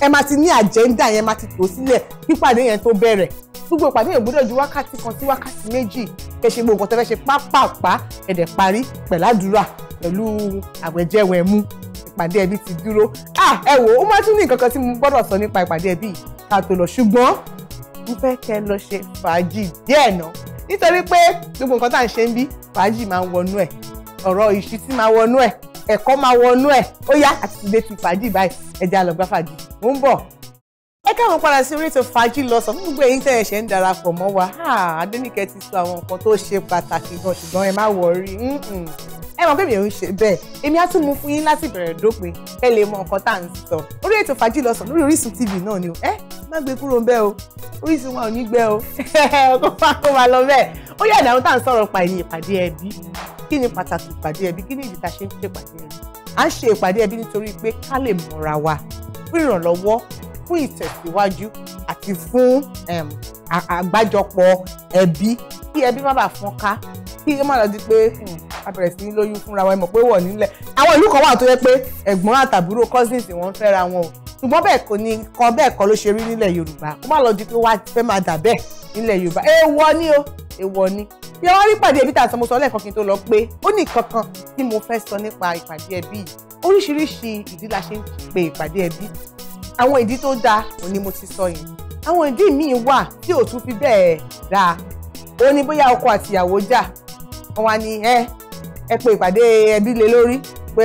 ẹ máa ti ní àjẹ́ńdà yẹn máa ti tò sílẹ̀ pípàdé yẹn tó bẹ̀rẹ̀ gbogbo ìpàdé yẹn gbọ́dọ̀ ju wákàtí kan sí wákàtí méjì kẹ́ ṣe gbogbo nǹkan tẹ́ fẹ́ ṣe pápápá ẹ̀dẹ̀ parí pẹ̀ládùúrà pẹ̀lú àwẹ̀jẹwẹ̀ mú ìpàdé ẹbí ti dúró ah ẹ wò ó máa tún ní nǹkan kan tí mo gbọ́dọ̀ sọ nípa ìpàdé ẹbí ká tó lọ ṣùgbọ́n mo fẹ́ kẹ́ lọ ṣe fàájì díẹ̀ náà nítorí pé gbogbo nǹkan tá à ń ṣe ń bí fàájì máa ń wọnú ẹ̀ ọ̀rọ̀ ìṣítí máa wọnú ẹ̀ ẹ̀kọ́ máa wọnú ẹ̀ ó yá àti ti dé ti fàájì báyìí ẹja lọ fàájì ó ń bọ̀. ẹ káwọn padà sí orí ètò fàájì lọ́sàn fún gbogbo ẹ̀yin tẹ̀yẹ̀ ṣẹ̀ ń darapọ̀ mọ́ wa Adéníkẹ́ ti sọ àwọn nǹkan tó ṣe pàtàkì gan ṣùgbọ́n ẹ má wọrí ẹ mọ̀ pé mi ò ń ṣe bẹ́ẹ̀ èmi á tún mú fún yín láti bẹ̀rẹ̀ dópin ẹ lè mọ nǹkan tá à ń sọ orí ètò fàájì lọ́sàn lórí Orísun TV náà ni o ẹ má gbé kúrò ń bẹ́ẹ̀ o Orísun wa ò ní gbẹ o kó máa kó máa lọ bẹ́ẹ̀ ó yẹ ìdáhùn tá à ń sọ̀rọ̀ pa ẹ̀yìn ìpàdé ẹbí kí ni pàtàkì ìpàdé ẹbí kí ni ìdí tá a ṣe ń ṣe ìpàdé ẹbí à ń ṣe ìpàdé ẹbí nítorí pé ká lè mọ̀ra wa fún ìrànlọ́wọ́ fún ìtẹ̀síwájú àti fún àgbájọpọ̀ ẹbí kí ẹbí má bàa fọ́n ká kí ẹ má lọ di pé hmm, a bẹ̀rẹ̀ sí í lóyún fúnra wa ẹ mọ̀ pé wọ̀ nílẹ̀ àwọn ìlú kan wà tó yẹ pé ẹ̀gbọ́n àtàbúrò cousins wọn fẹ́ra wọn o ṣùgbọ́n bẹ́ẹ̀ kò ní kan bẹ́ẹ̀ kọ́ ló ṣe rí nílẹ̀ yorùbá kó má lọ di pé wá fẹ́ máa dà bẹ́ẹ̀ nílẹ̀ yorùbá èèwọ̀ ni o èèwọ̀ ni bí wọ́n rí pàdé ẹbí tàṣán mo lẹ́ẹ̀kan kí n tó lọ pé ó ní kankan tí mo fẹ́ sọ nípa ìpàdé ẹbí yìí oríṣiríṣi ìdí la ṣe ń pe ìpàdé ẹbí àwọn ìdí tó dáa òun ni mo ti sọ yìí àwọn ìdí míì wà tí ò tún fi bẹ́ẹ̀ dáa ó ní bóyá ọkọ àtìyàwó jà wọn wá ní ẹ ẹ pé ìpàdé ẹbí lé lórí pé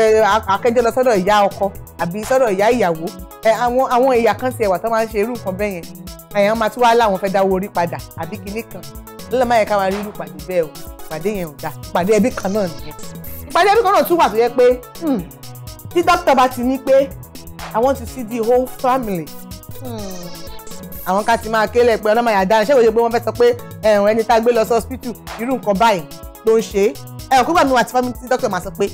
akẹjọ lọ sọ́dọ̀ ìyá ọkọ àbí sọ́dọ̀ ìyá ìyàwó ẹ àwọn àwọn ẹ̀yà kan ti ẹwà tó máa ń ṣe irú nǹkan bẹ́ẹ̀ yẹn àyàn máa tún wá láwọn fẹ́ dáwọ́ orí padà àbí kinní kan lọ́lọ́ máa yẹ ká wá rí irú pàdé bẹ́ẹ̀ o pàdé yẹn ò dáa pàdé ẹbí kan náà nìyẹn pàdé ẹbí kan náà tún wà tó yẹ pé hmm, tí dókítà bá ti ní pé I want to see the whole family. àwọn ká ti máa kélé pé ọlọ́mọ yàrá dára ṣé òye pé wọ́n fẹ́ sọ pé ẹ̀rùn ẹni tá a gbé lọ sí hospital irú nǹkan báyìí ló ń ṣe é ẹ̀rùn kúgbà mi wà tí family tí dókítà máa sọ pé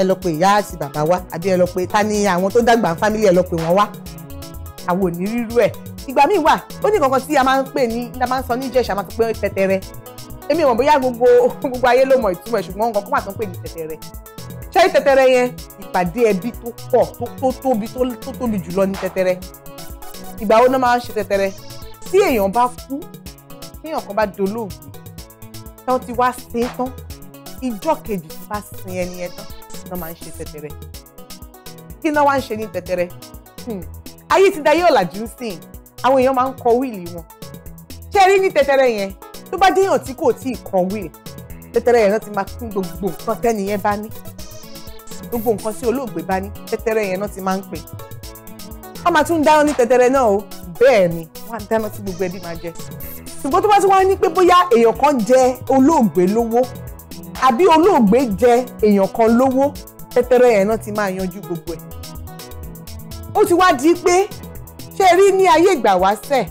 ẹ lọ pé ìyá àti bàbá wa àbí ẹ lọ pé ta ni àwọn tó dàgbà family ẹ lọ pé wọ́n wá àwọn ò ní rírú ẹ̀ ìgbà míì wà ó ní kankan tí a máa ń pè ní a máa ń sọ ní Ìjẹ̀ṣà máa sọ pé tẹ̀tẹ̀rẹ̀ èmi ò mọ̀ bóyá gbogbo gbogbo ayé ló mọ̀ ìtumọ̀ ṣùgbọ́n nǹkan kó mà tó ń pè ní tẹ̀tẹ̀rẹ̀ sẹ́yìn tẹ́tẹ́rẹ́ yẹn ìpàdé ẹbí tó pọ̀ tó tóbi tó tóbi jùlọ ní tẹ́tẹ́rẹ́ ìgbà wo náà máa ń ṣe tẹ́tẹ́rẹ́ tí èèyàn bá kú téèyàn kan bá dolóògbé tí wọ́n ti wá sin tán ìjọ́ kejì tó bá sin ẹni yẹn tán náà máa ń ṣe tẹ́tẹ́rẹ́ kí náà wá ń ṣe ní tẹ́tẹ́rẹ́ hmm. ayé ti dayé ọ̀làjú sìn àwọn èèyàn máa ń kọ wíìlì wọn ṣé rí ní tẹ́tẹ́rẹ́ yẹn tó bá déyàn tí kò tíì kọ wíìlì tẹ́tẹ́rẹ́ yẹn náà ti máa pín gbogbo nǹkan tẹ́niyẹn bá ní gbogbo nǹkan tí olóògbé bá ní tẹ́tẹ́rẹ́ yẹn náà ti máa ń pè wọ́n máa tún dáná ní tẹ́tẹ́rẹ́ náà o bẹ́ẹ̀ ni wọ́n á dáná tí gbogbo ẹbí máa jẹ ṣùgbọ́n tó bá tún wá ní pé bóyá èèyàn kan jẹ olóògbé lówó àbí olóògbé jẹ èèyàn kan lówó tẹ́tẹ́rẹ́ yẹn náà ti máa yanjú gbogbo ẹ̀ ó ti wá di pé ṣé rí ní ayé ìgbà wáṣẹ̀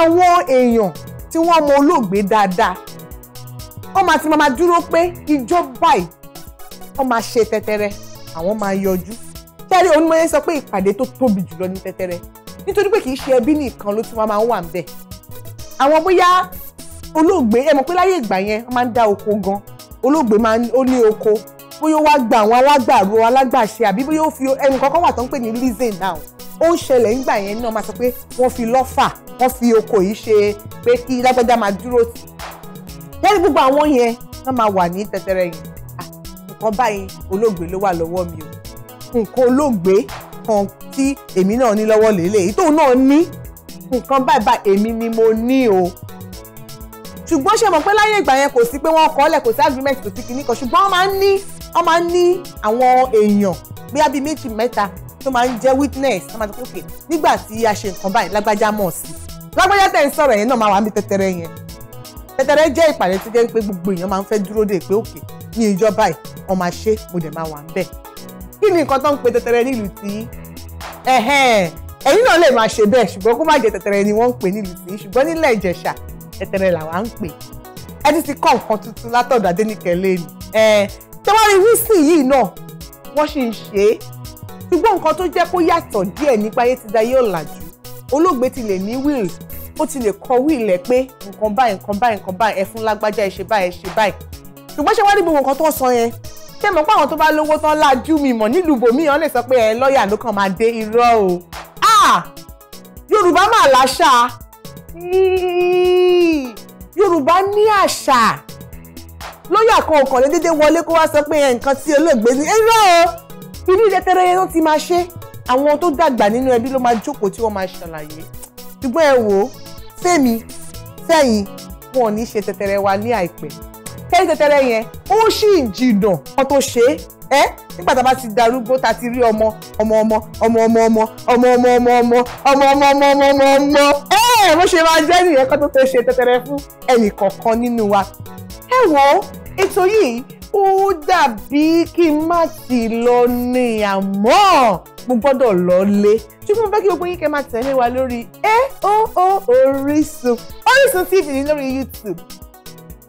àwọn èèyàn tí wọ́n mọ olóògbé dáadáa wọ́n máa ti máa dúró pé ìjọ báyìí wọ́n máa ṣe tẹ́tẹ́rẹ́ àwọn máa yọjú tẹ́lẹ̀ onímọ̀ yẹn sọ pé ìpàdé tó tóbi jùlọ ní tẹ́tẹ́rẹ́ nítorí pé kì í ṣe ẹbí nìkan ló tún wá máa ń wà níbẹ̀ àwọn bóyá olóògbé ẹ mọ̀ pé láyé ìgbà yẹn wọ́n máa ń dá oko gan olóògbé máa ó ní oko bóyá ó wá gba àwọn alágbàro alágbàṣe àbí bóyá ó fi ẹnì kankan wà tó ń pè ní leasing now ó ń ṣẹlẹ̀ ńgbà yẹn náà máa sọ pé wọ́n fi lọ́fà wọ́n fi oko yìí ṣe pé kí lágbájá máa dúró tì wọ́n ní gbogbo àwọn yẹn wọ́n máa wà ní tẹ́tẹ́rẹ́ yẹn nǹkan báyìí olóògbé ló wà lọ́wọ́ mi o nǹkan olóògbé kan tí èmi náà ní lọ́wọ́ lélẹ̀ èyí tóun náà ní nǹkan báyìí báyìí èmi ni mo ní o ṣùgbọ́n ṣe mọ̀ pé láyé ìgbà yẹn kò sí pé wọ́n kọ́ ọ́lẹ̀ kò sí agreement kò sí kinní kan ṣùgbọ́n wọ́n máa ń ní wọ́n máa ń ní àwọn èèyàn bí abí méjì mẹ́ta tó máa ń jẹ́ witness wọ́n máa ti kókè nígbà tí a ṣe nǹkan báyìí lágbájá mọ̀ sí lágbájá tẹ̀ ń sọ̀rọ̀ yẹn náà máa wà mí tẹ́tẹ́rẹ́ yẹn tẹ́tẹ́rẹ́ jẹ́ ìpàdé tó jẹ́ pé gbogbo èèyàn máa ń fẹ́ dúró dè pé òkè ní ìjọ báyìí wọ́n máa ṣe mo dẹ̀ máa wà ń bẹ̀. kí ni nǹkan tó ń pe tẹ̀tẹ̀rẹ̀ nílùú tí ẹ̀yin náà lè máa ṣe bẹ́ẹ̀ ṣùgbọ́n kó má jẹ́ tẹ̀tẹ̀rẹ̀ ni wọ́n ń pè nílùú tí ṣùgbọ́n nílẹ̀ Ìjẹ̀ṣà tẹ̀tẹ̀rẹ̀ làwa ń pè ẹ ti ti kọ́ nǹkan tuntun látọ̀dọ̀ Adéníkẹ́ lẹ́nu tẹ́wọ́n rí wísìn yìí náà wọ́n sì ń ṣe é ṣùgbọ́n nǹkan tó jẹ́ kó yàtọ̀ díẹ̀ nípa ayé ti dayé ọ̀làjú olóògbé ti lè ní wíìlì ó ti lè kọ wíìlì ẹ̀ pé nǹkan báyìí nǹkan báyìí nǹkan báyìí ẹ fún lágbájá ẹ ṣe báyìí ẹ ṣe báyìí ṣùgbọ́n ṣé wá rí gbogbo nǹkan tó sọ yẹn ṣé mọ̀ pé àwọn tó bá lówó tán lájú mi mọ̀ nílùú bòmíyàn lè sọ pé ẹ lọ́ọ̀yà ló kàn máa dé irọ́ o yorùbá máa láṣà yorùbá ní àṣà lọ́ọ̀yà kan ò kàn lé déédéé wọlé kó wá sọ pé nǹkan tí olóògbé ní irọ́ o inú ilé tẹ́rẹ́rẹ́ ló ti máa ṣe àwọn tó dàgbà nínú ẹbí ló máa jókòó tí wọ́n máa ṣàlàyé ṣùgbọ́n ẹ wò ó fẹ́mi fẹ́yìn wọn ò ní ṣe tẹ̀tẹ̀rẹ̀ wa ní àìpẹ́ kẹ́yìn tẹ́tẹ́rẹ́ yẹn ó ṣì jìnnà kan tó ṣe é ẹ́ nígbà tá a bá ti darúgbó tá a ti rí ọmọ ọmọ ọmọ ọmọ ọmọ ọmọ ọmọ ọmọ ọmọ ọmọ ọmọ ọmọ ọmọ ọmọ ọmọ ọmọ ẹ́ bó ṣe máa jẹ́ nìyẹn kan tó fẹ́ ṣe tẹ́tẹ́rẹ́ fún ẹnì kọ̀ọ̀kan nínú wa. ẹ wo ètò yìí ó dàbí kí n má sì lọ ní àmọ́ mo gbọ́dọ̀ lọ lé ṣùgbọ́n mo fẹ́ kí gbogbo yín kẹ́ máa tẹ̀lé wa lórí AOO Orísun Orísun TV lórí YouTube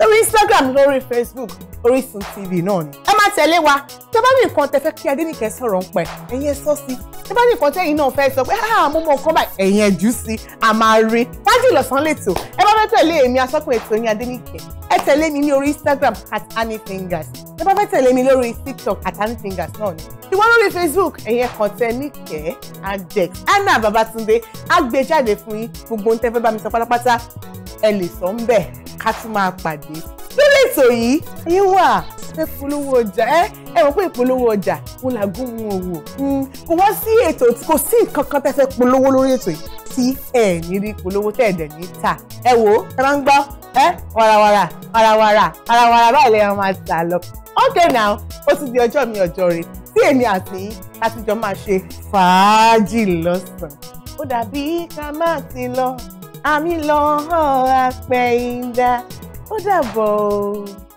lórí Instagram lórí Facebook Orísun TV náà ni. ẹ máa tẹ̀lé wa tó bá ní nǹkan tẹ fẹ́ kí Adéníkẹ́ sọ̀rọ̀ ń pẹ̀ ẹ̀yin ẹ sọ sí ṣé bá ní nǹkan tẹ́yìn náà fẹ́ sọ pé ah mo mọ nǹkan báyìí ẹ̀yìn ẹ̀jú sí a máa rí wájú ìlọ̀sán lẹ́tọ̀ ẹ bá fẹ́ tẹ̀lé èmi asọ́kùn ètò yín adéníkẹ́ ẹ tẹ̀lé mi ní orí Instagram at anyfingers ẹ bá fẹ́ tẹ̀lé mi lórí TikTok at anyfingers náà ni ìwọ lórí Facebook ẹ̀yìn ẹ̀kan tẹ níkẹ́ adex anna babatunde agbèjáde fún yín gbogbo ohun tẹ́ fẹ́ bá mi sọ pátápátá ẹ lè sọ ń bẹ̀ ká tún máa pàdé lórí ètò yìí ayé wà ẹ polówó ọjà ẹ ẹ mọ̀ pé ìpolówó ọjà wọn là gún un òwò hmm, kò wá sí ètò kò sí nǹkan kan tẹ́ fẹ́ polówó lórí ètò yìí tí ẹ ní rí polówó tẹ́ ẹ̀ dẹ̀ ní ta ẹ wò ẹ máa ń gbọ́ ẹ warawara warawara warawara báyìí lè máa tà lọ okay now ó ti di ọjọ́ mi ọjọ́ rẹ̀ tí èmi àti láti jọ máa ṣe fàájì lọ́sàn-án ó dàbí ká má ti lọ àmì lọ́ọ́ àpẹ̀yìndà ó dàbọ̀ o.